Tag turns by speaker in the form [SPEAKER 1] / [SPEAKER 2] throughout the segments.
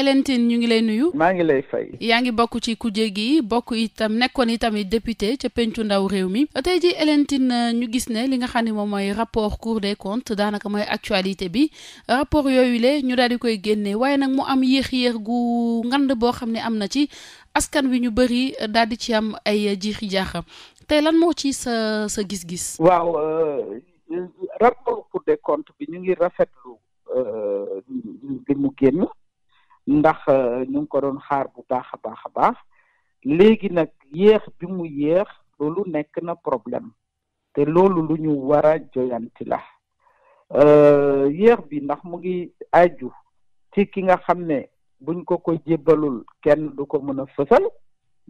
[SPEAKER 1] Hélène ñu ngi lay nuyu. maa ngi lay fay. yaa ngi bokk ci kuje gi bokk itam nekkoon itamit député ca pencu ndaw réew mi tey ji Hélène ñu gis ne li nga xam ne moom mooy rapport Cour des comptes daanaka mooy actualité bi rapport yooyu le ñu daal di koy génne waaye nag mu am yéex-yéex gu ngand boo xam ne am na ci askan wi ñu bëri daal di ci am ay jiixi jaaxa tey lan moo ci sa sa gis-gis.
[SPEAKER 2] waaw euh, rapport Cour des comptes bi ñu ngi rafetlu euh, li mu génn. ndax euh, ñu ngi ko doon xaar bu baax a baax a baax léegi nag yéex bi mu yéex loolu nekk na problème te loolu lu ñu war a joyanti la euh, yéex bi ndax mu ngi aju ci ki nga xam ne buñ ko ko jébbalul kenn du ko mën a fësal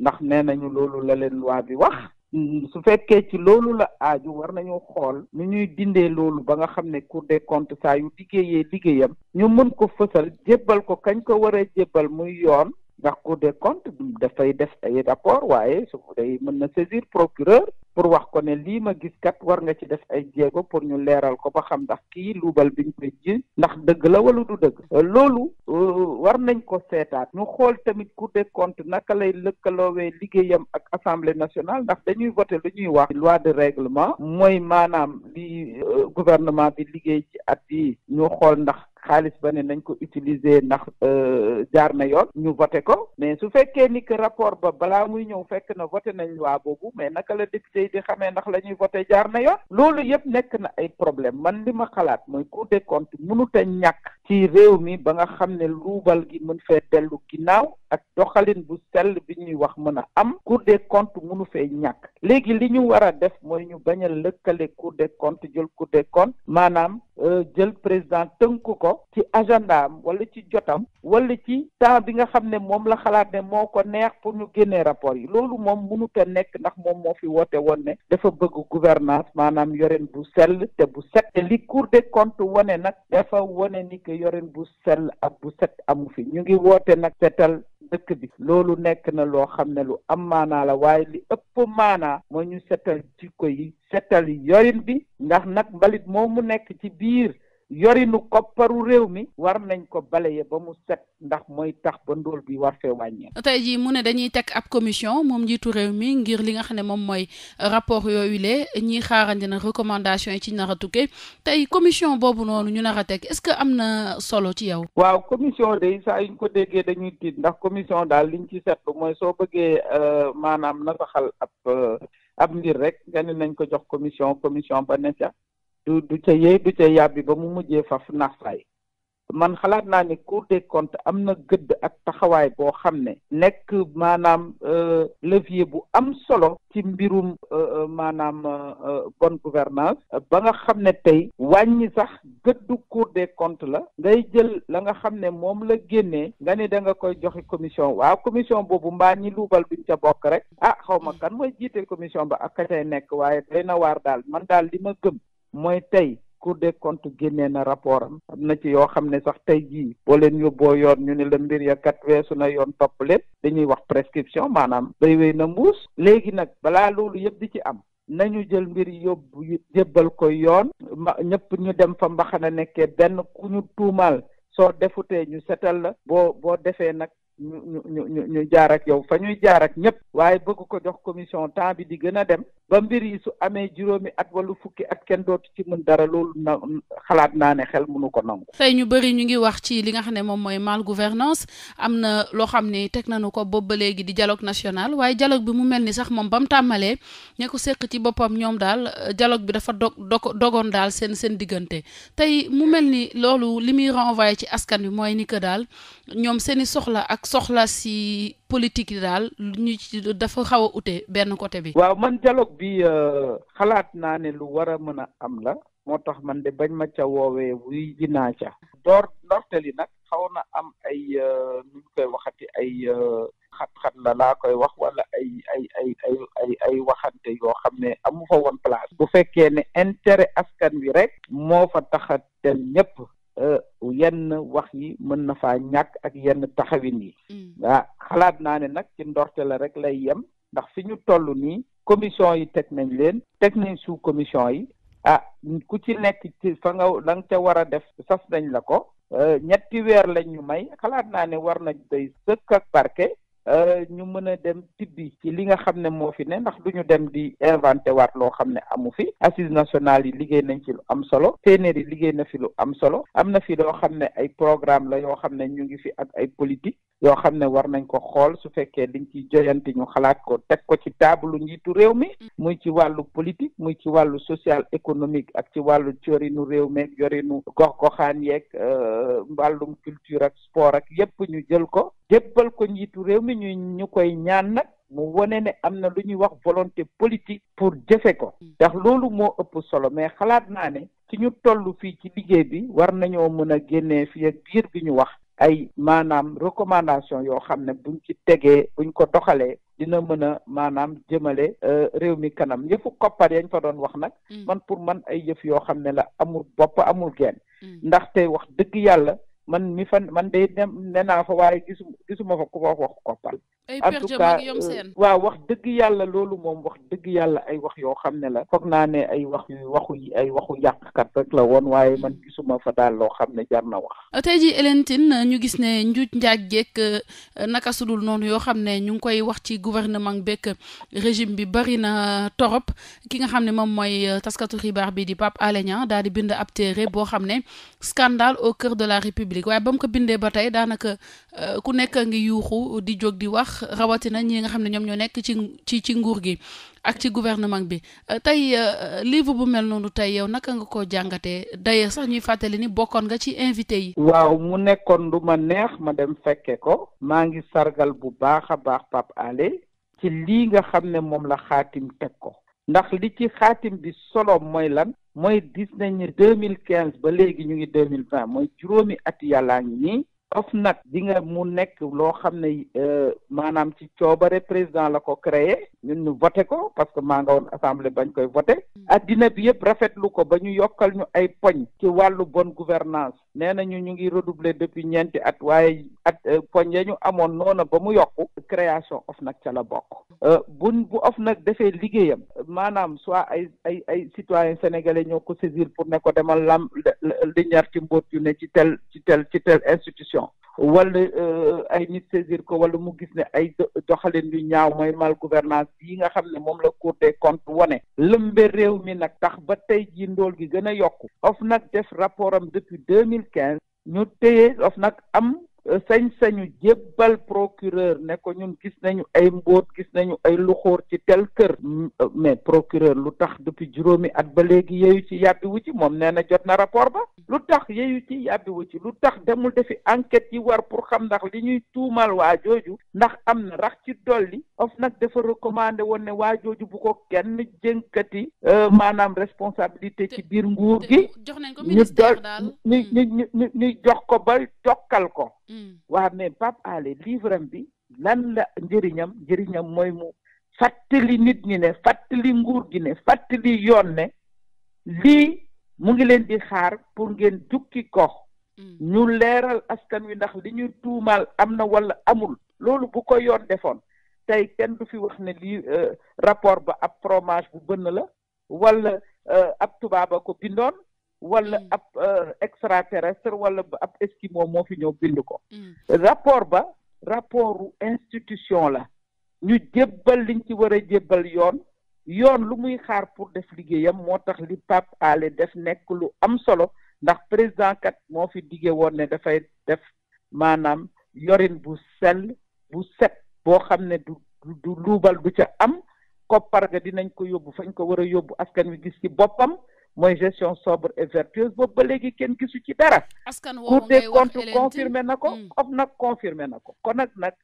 [SPEAKER 2] ndax nee nañu loolu la leen loi bi wax Mm, su fekkee ci loolu la aaju war nañoo xool nu ñuy dindee loolu ba nga xam ne Cour des comptes saa yu liggéeyee liggéeyam ñu mën ko fësal jébbal ko kañ ko war a jébbal muy yoon ndax Cour des comptes dafay def ay rapport waaye su day mën na saisir procureur pour wax ko ne lii ma gis kat war nga ci def ay jéego pour ñu leeral ko ba xam ndax ki luubal biñ koy ji ndax dëgg la wala du dëgg loolu euh, war nañ ko seetaat ñu xool tamit Cour des comptes naka lay lëkkaloowee liggéeyam ak assemblée nationale ndax dañuy voté lu ñuy wax loi de règlement mooy maanaam li euh, gouvernement bi liggéey ci at yi ñu xool ndax xaalis ba ne nañ ko utiliser ndax euh, jaar na yoon ñu voté ko mais su fekkee ni que rapport ba balaa muy ñëw fekk na voté nañ loi boobu mais naka la député yi di xamee ndax la ñuy voté jaar na yoon loolu yëpp nekk na ay problème man li ma xalaat mooy Cour des comptes mënut a ñàkk ci réew mi ba nga xam ne luubal gi mën fee dellu ginnaaw ak doxalin bu sell bi ñuy wax mën a am cour des comptes mënu fee ñàkk léegi li ñu war a def mooy ñu bañ a lëkkale cour des comptes jël cour des comptes maanaam euh, jël président tënk ko ci agendaam wala ci jotam wala ci temps bi nga xam ne moom la xalaat ne moo ko neex pour ñu génnee rapport yi loolu moom mënut a nekk ndax moom moo fi woote woon ne dafa bëgg gouvernance maanaam yoren bu sell te bu set yorin bu sell ak bu set amu fi ñu ngi woote nag setal dëkk bi loolu nekk na loo xam ne lu am maanaa la waaye li ëpp maanaa moo ñu setal jikko yi setal yorin bi ndax nag mbalit mu nekk ci biir yorinu kopparu réew mi war nañ ko balaye ba mu set ndax mooy tax ba ndóol bi war fee wàññee
[SPEAKER 1] tey jii mu ne dañuy teg ab commission moom njiitu réew mi ngir li nga xam ne moom mooy rapport yooyu le ñiy xaarandi na recommandation yi ci nar a tukkee tey commission boobu noonu ñu nax a teg est-ce que am na solo ci yow
[SPEAKER 2] waaw commission day saa yuñ ko déggee dañuy tiit ndax commission daal li ñu ci seetlu mooy soo bëggee euh, maanaam nasaxal ab euh, ab ngir rek nga nañ ko jox commission commission ba ne du du ca yey du ca yàbbi ba mu mujjee faf naxsaay man xalaat naa ne Cour des comptes am na gëdd ak taxawaay boo xam ne nekk maanaam euh, levier bu am solo ci mbirum euh, euh, maanaam bonne gouvernance ba nga xam ne tey wàññi sax gëddu Cour des comptes la ngay jël la nga xam ne moom la génnee nga ne danga koy joxe commission waaw commission boobu mbaa ñi luubal duñ ca bokk rek ah xaw ma kan mooy jiite commission ba ak nekk waaye day na waar daal man daal li gëm mooy tey Cour des comptes génnee na rapport am am na ci yoo xam ne sax tey jii boo leen yóbboo yoon ñu ne la mbir ya kat weesu na yoon topp leen dañuy wax prescription maanaam day wéy na mbuus léegi nag balaa loolu yëpp di ci am nañu jël mbir yóbbu jébbal ko yoon ma ñëpp ñu dem fa mbaxana nekkee benn ku ñu tuumaal soo defutee ñu setal la boo boo defee nag ñu ñu ñu ñu jaar ak yow fa ñuy jaar ak ñëpp waaye bëgg ko jox commission temps bi di gën a dem ba mbir yi su amee juróomi at wala fukki at kenn dootu ci mën dara loolu na xalaat naa ne xel mënu ko nangu.
[SPEAKER 1] tey ñu bëri ñu ngi wax ci li nga xam ne moom mooy mal gouvernance am na loo xam ne teg nañu ko boobu ba léegi di dialogue national waaye dialogue bi mu mel ni sax moom ba mu tàmmalee ña ko séq ci boppam ñoom daal euh, dialogue bi dafa dog dog dogoon daal seen seen diggante tey mu mel ni loolu li muy renvoyé ci askan wi mooy ni que daal ñoom seeni soxla ak soxla si politique yi daal ñu ci dafa xaw a ute benn côté bi.
[SPEAKER 2] waaw man dialogue bi euh, xalaat naa ne lu war a mën a am la. moo tax man de bañ ma ca woowee wuy ji naa ca. door ndorteli nag xaw na am ay euh, nu ñu koy waxati ay euh, xat-xat la laa koy wax wala ay ay ay ay ay ay waxante yoo xam ne amu fa woon place. bu fekkee ne intérêt askan wi rek. moo fa taxa a dem Euh, yenn wax yi mën na faa ñàkk ak yenn taxawin yi mm. waa xalaat naa ne nag ci ndorte la rek lay yem ndax fi ñu toll nii commission yi teg nañ leen teg nañ sous commission yi ah ku ci nekk ci fa nga la nga ca war a def sas nañ la ko euh, ñetti weer lañ ñu may xalaat naa ne war nañ doy sëkk ak barke Euh, ñu mën a dem tibbi ci li nga xam ne moo fi ne ndax du ñu dem di inventé waat loo xam ne amu fi assises nationales yi liggéey nañ ci lu am solo téenéer liggéey na fi lu am solo am na fi loo xam ne ay programme la yoo xam ne ñu ngi fi ak ay politique yoo xam ne war nañ ko xool su fekkee liñ ciy joyanti ñu xalaat ko teg ko ci taabalu njiitu réew mi muy ci wàllu politique muy ci wàllu social économique ak ci wàllu corinu réew meeg yorinu gox goxaan yeeg euh, wàllum culture ak sport ñu jël ko ñu ñu koy ñaan nag mu wone ne am na lu ñuy wax volonté politique pour jëfe ko mm. ndax loolu moo ëpp solo mais xalaat naa ne ci ñu toll fii ci liggéey bi war nañoo mën a génnee fii ak biir ñu wax ay maanaam recommandation yoo xam ne buñ ci tegee buñ ko doxalee dina mën a maanaam jëmale euh, réew mi kanam yëfu koppar yañ fa doon wax nag mm. man pour man ay yëf yoo xam ne la amul bopp amul genn mm. ndaxte wax dëgg yàlla man mi fan man de nee naa fa waaye gisu gisuma fa ku wax koppal en euh, waaw wax dëgg yàlla loolu moom wax dëgg yàlla ay wax yoo xam ne la foog naa ne ay wax yu waxu yi ay waxu yàqkat rek la woon waaye man gisuma fa daal loo xam ne jar na wax
[SPEAKER 1] tey ji Hélène Tine ñu gis ne njuuj njaaj geek euh, naka sudul noonu yoo xam ne ñu ngi koy wax ci gouvernement bekk régime bi bari na torop ki nga xam ne moom mooy euh, taskatu xibaar bi di Pape Alé daal di bind ab téere boo xam ne scandale au cœur de la League waaye ba mu ko bindee ba tey daanaka euh, ku nekk ngi yuuxu di jóg di wax rawatina ñi nga xam ne ñoom ñoo nekk ci ci ci nguur gi ak ci gouvernement bi euh, tey euh, livre bu mel noonu tey yow naka nga ko jàngatee d'ailleurs sax ñuy fàttali ni bokkoon nga ci invité yi. waaw
[SPEAKER 2] mu nekkoon lu ma neex ma dem fekke ko. maa ngi sargal bu baax a baax Pape Alé ci lii nga xam ne moom la xaatim teg ko. ndax li ci xaatim bi solo mooy lan mooy gis nañ ne deux mille quinze ba léegi ñu ngi deux mille vingt mooy juróomi at yàllaa ngi nii OFNAC di nga mu nekk loo xam ne euh, maanaam ci coobare président la ko créé ñun ñu voté ko parce que maa nga woon assemblée bañ koy voté mm. addina bi yëpp rafetlu ko ba ñu yokkal ñu ay poñ ci wàllu bonne gouvernance nee nañu ñu ngi redoubler depuis ñeenti at waaye at euh, poñ ya ñu amoon noona ba mu yokk création OFNAC ca la bokk buñ euh, bu nag defee liggéeyam maanaam soit ay ay ay citoyens sénégalais ñoo ko saisir pour ne ko demal lam li ñaar ci mbóot yu corruption wala euh, ay nit saisir ko wala mu gis ne ay doxalin yu ñaaw mooy mal gouvernance yi nga xam ne moom la Cour des comptes wone lëmbe réew mi nag tax ba tey ji ndool gi gën a yokku of nag def rapport am depuis deux mille quinze ñu téye of nag am sañ-sañu jébbal procureur ne ko ñun gis nañu ay mbóot gis nañu ay luxóor ci tel kër mm, euh, mais procureur lu tax depuis juróomi at ba léegi yeeyu ci yàbbi ci moom nee na jot na rapport ba lu tax yeeyu ci yàbbi ci lu tax demul defi enquête yi war pour xam ndax li ñuy tuumal waa jooju ndax am na rax ci dolli of nag defa recommandé woon ne waa jooju bu ko kenn jënkati euh, maanaam responsabilité ci biir nguur gi
[SPEAKER 1] ñu dol ñu
[SPEAKER 2] hmm. ñu ñu ñu jox ko ba jokkal ko Mm. waa mais Pape Alé livre bi lan la njëriñam njëriñam mooy mu fàttali nit ñi ne fàttali nguur gi ne li yoon ne lii mu ngi leen di xaar pour ngeen jukki ko mm. ñu leeral askan wi ndax li ñu tuumaal am na wala amul loolu bu ko yoon defoon tey kenn du fi wax ne lii euh, rapport ba ab fromage bu bënn la wala euh, ab tubaaba ko bindoon wala mm. ab euh, extraterrestre wala ab esquimau moo fi ñëw bind ko mm. rapport ba rapportu institution la ñu jébbal liñ ci war a jébbal yoon yoon lu muy xaar pour def liggéeyam moo tax li Pape ale def nekk lu am solo ndax président kat moo fi dige woon ne dafay def maanaam yorin bu sel bu set boo xam ne du du luubal du ca am koppar ga dinañ ko yóbbu fañ ko war a yóbbu askan wi gis ci boppam mooy gestion sobre et vertueuse boobu ba léegi kenn gisu ci dara.
[SPEAKER 1] askan woowu Cour des comptes confirmé
[SPEAKER 2] na ko. Hmm. of nag confirmé na ko kon nag nag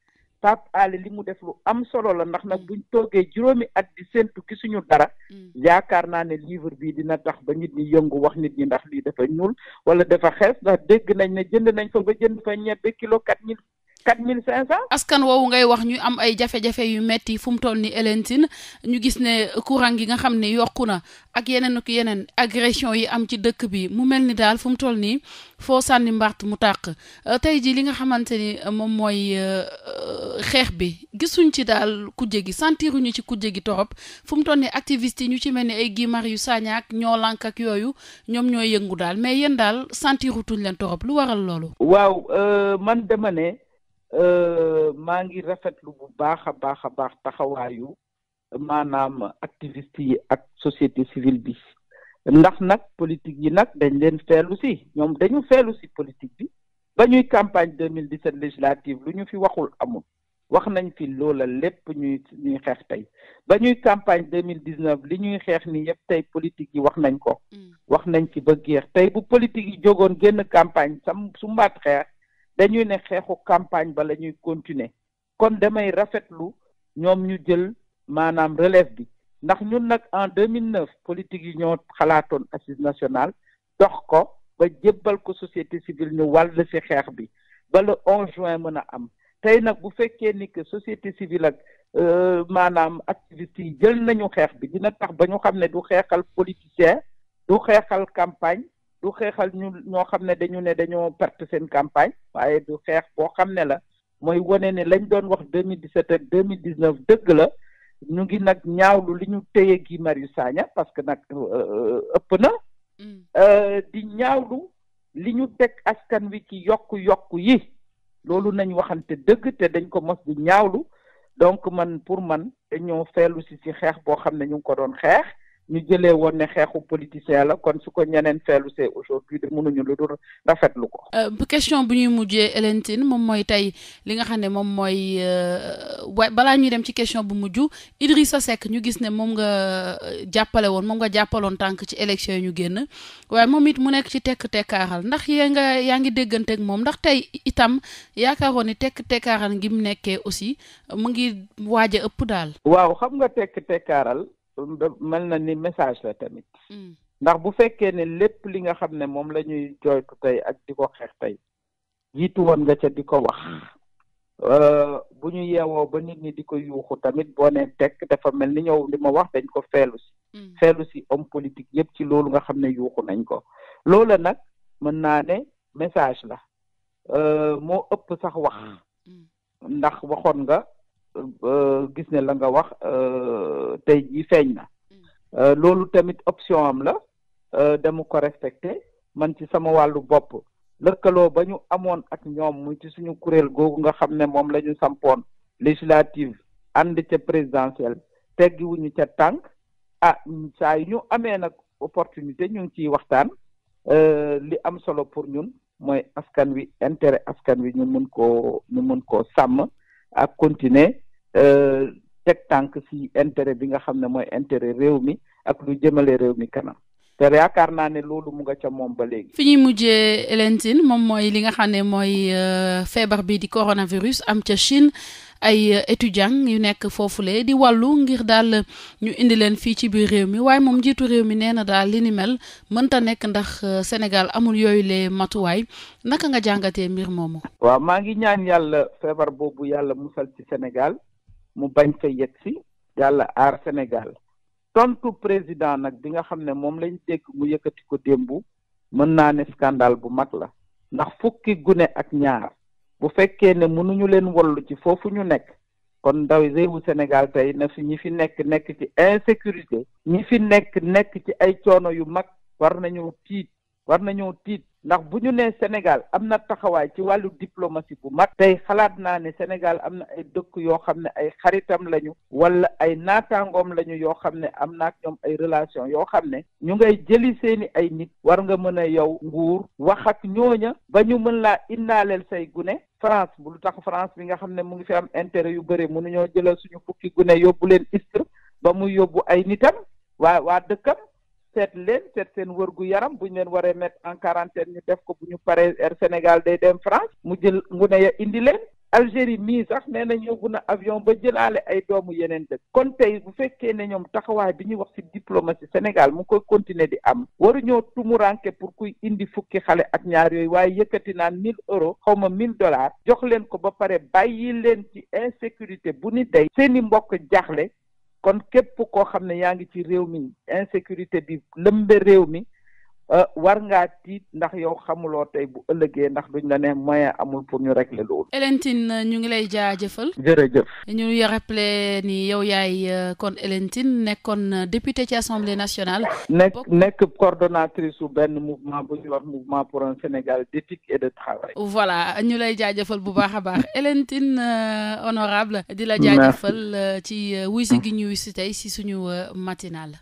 [SPEAKER 2] Pape Alé li mu def lu am solo la ndax nag hmm. buñ toogee juróomi at sentu séntu gisuñu dara. Hmm. yaakaar naa ne livre bii dina tax ba nit ñi yëngu wax nit ñi ndax lii dafa ñuul wala dafa xees ndax dégg nañ ne jënd nañ fo ba jënd fa ñebe kilo quatre mille
[SPEAKER 1] quatre mille cinq cent askan woowu ngay wax ñu am ay jafe-jafe yu metti fu mu toll ni Hélène ñu gis ne courant gi nga xam ne yokku na ak yeneen ak yeneen agression yi am ci dëkk bi mu mel ni daal fu mu toll nii foo sànni mbart mu tàq euh, tey ji li nga xamante ni euh, moom mooy euh, xeex bi gisuñ ci daal kujje gi sentiruñu ci kujje gi torop fu mu toll ni activiste ñu ci mel ni ay Guy yu saañaak ñoo lank ak yooyu ñoom ñooy yëngu daal mais yéen daal sentirutuñ leen torop lu waral loolu
[SPEAKER 2] waaw man Euh, maa ngi rafetlu bu baax a baax a baax taxawaayu maanaam activiste yi ak société civile bi ndax nag politique yi nag dañ leen feelu si ñoom dañu feelu si politique bi ba ñuy campagne 2017 législative lu ñu fi waxul amul wax nañ fi loola lépp ñuy ñuy xeex tey ba ñuy campagne 2019 li ñuy xeex ni yëpp tey politique yi wax nañ ko mm. wax nañ ci ba géex tey bu politique yi jógoon génn campagne sam su mbaat xeex dañuy ne xeexu campagne ba la ñuy continuer kon damay rafetlu ñoom ñu jël maanaam relève bi ndax ñun nag en 2009 politique yi ñoo xalaatoon assise national dox ko ba jébbal ko société civile ñu wàll ci xeex bi ba le 11 juin mën a am tey nag bu fekkee ni que société civile ak euh, maanaam activité yi jël nañu xeex bi dina tax ba ñu xam ne du xeexal politicien du xeexal campagne du xeexal ñu ñoo xam ne dañu ne dañoo perte seen campagne waaye du xeex boo xam ne la mooy wane ne lañ doon wax 2017 ak 2019 dëgg la ñu ngi nag ñaawlu li ñu téye Guy Marius Sagna parce que nag euh, euh, ëpp na. Mm. Euh, di ñaawlu li ñu teg askan wi ci yokk-yokk yi loolu nañ waxante dëgg te dañ ko mos di ñaawlu donc man pour man dañoo feelu si si xeex boo xam ne ñu ngi ko doon xeex. ñu jëlee woon ne xeexu politicien la kon su ko ñeneen feelu see aujourd'hui de mënuñu lu dul rafetlu ko.
[SPEAKER 1] Euh, question bu ñuy mujjee Hélène moom mooy tey li nga xam ne moom mooy euh, wa balaa ñuy dem ci question bu mujj sa Seck ñu gis ne moom nga euh, jàppale woon moom nga jàppaloon tànk ci élection yi ñu génn waaye moom it mu nekk ci tekk tekkaaral ndax yaa nga yaa ngi déggante ak moom ndax tey itam yaakaaroon ni tekk tekkaaral ngi mu nekkee aussi mu ngi waaj a ëpp daal.
[SPEAKER 2] waaw xam nga tekk tekkaaral. mel na ni message la tamit mm. ndax bu fekkee ne lépp li nga xam ne moom lañuy ñuy jooytu tey ak di ko xeex tey jiitu woon nga ca di ko wax mm. euh, bu ñu yeewoo ba nit ñi di ko yuuxu tamit boo nee tekk dafa mel ni ñëw li ma wax dañ ko feelu si mm. feelu si homme politique yëpp ci loolu nga xam ne yuuxu nañ ko loola nag mën naa ne message la euh, moo ëpp sax wax ndax waxoon nga gis ne la nga wax euh, tey jii feeñ na mm. euh, loolu tamit option am la euh, dama ko respecté man ci sama wàllu bopp lëkkaloo ba ñu amoon ak ñoom muy ci suñu kuréel googu nga xam ne moom la ñu sampoon législative ànd ca présidentielle teggiwuñu ca tànk ah saa yu ñu amee nag opportunité ñu ngi ciy waxtaan li am solo pour ñun mooy askan wi intérêt askan wi ñu mun koo ñu mun koo sàmm ak continuer Euh, teg tànk si intérêt bi nga xam ne mooy intéret réew mi ak lu jëmale réew mi kanam te yaakaar naa ne loolu mu nga ca moom ba
[SPEAKER 1] léegi. fi ñuy mujjee Hélène moom mooy li nga xam ne mooy euh, feebar bi di coronavirus am ca Chine ay euh, étudiants yu nekk foofu le di wàllu ngir daal ñu indi leen fii ci biir réew mi waaye moom njiitu réew mi nee na daal li ni mel mënta nekk ndax Sénégal amul yooyu le matuwaay naka nga jàngatee mbir moomu.
[SPEAKER 2] waaw maa ngi ñaan yàlla feebar boobu yàlla musal ci Sénégal. mu bañ fa yegg si yàlla Sénégal tontu président nag bi nga xam ne moom lañ dégg mu yëkkati ko démb mën naa ne scandale bu mag la ndax fukki gune ak ñaar bu fekkee ne mënuñu leen wollu ci foofu ñu nekk kon ndaw réewu Sénégal tey na fi ñi fi nekk nekk ci insécurité ñi fi nekk nekk ci ay coono yu mag war nañoo tiit war nañoo tiit ndax bu ñu nee Sénégal am na taxawaay ci wàllu diplomatie bu mat tey xalaat naa ne Sénégal am na ay dëkk yoo xam ne ay xaritam lañu wala ay naataangoom lañu yoo xam ne am naa ak ñoom ay relation yoo xam ne ñu ngay jëli seeni ay nit war nga mën a yow nguur wax ak ñooña ba ñu mën laa indaaleel say gune France bu lu tax France bi nga xam ne mu ngi fi am intérêt yu bëri mënuñoo jëlal suñu fukki gune yóbbu leen istre ba muy yóbbu ay nitam waa waa dëkkam seet leen seet seen gu yaram bu ñu leen waree mettre en quarantaine ñu def ko bu ñu paree Air Sénégal day dem France mu jël ngune ya indi leen Algérie mii sax nee na yóbbu na avion ba jëlaale ay doomu yeneen dëkk kon tey bu fekkee ne ñoom taxawaay bi ñuy wax ci diplomatie Sénégal mu ngi koy continuer di am waruñoo tumuranke pour kuy indi fukki xale ak ñaar yooyu waaye yëkkati naan mille euros xaw ma mille dollars jox leen ko ba pare bàyyi leen ci insécurité bu ni tey seeni mbokk jaaxle kon képp koo xam ne yaa ngi ci réew mi insécurité bi lëmbe réew mi Euh, war ngaa tiit ndax yow xamuloo tey bu ëllëgee ndax duñ la ne moyen amul pour ñu régler loolu.
[SPEAKER 1] Hélène euh, ñu ngi lay jaajëfal. jërëjëf. ñu ngi rappelé ni yow yaay euh, kon Hélène Tine nekkoon député ci assemblée nationale.
[SPEAKER 2] nekk nekk coordonnatrice su benn mouvement bu ñuy wax mouvement pour un Sénégal d'éthique et de travail.
[SPEAKER 1] voilà ñu lay jaajëfal bu baax a baax Hélène Tine honorable di la jaajëfal ci wuy gi ñuy si tey si suñu matinale.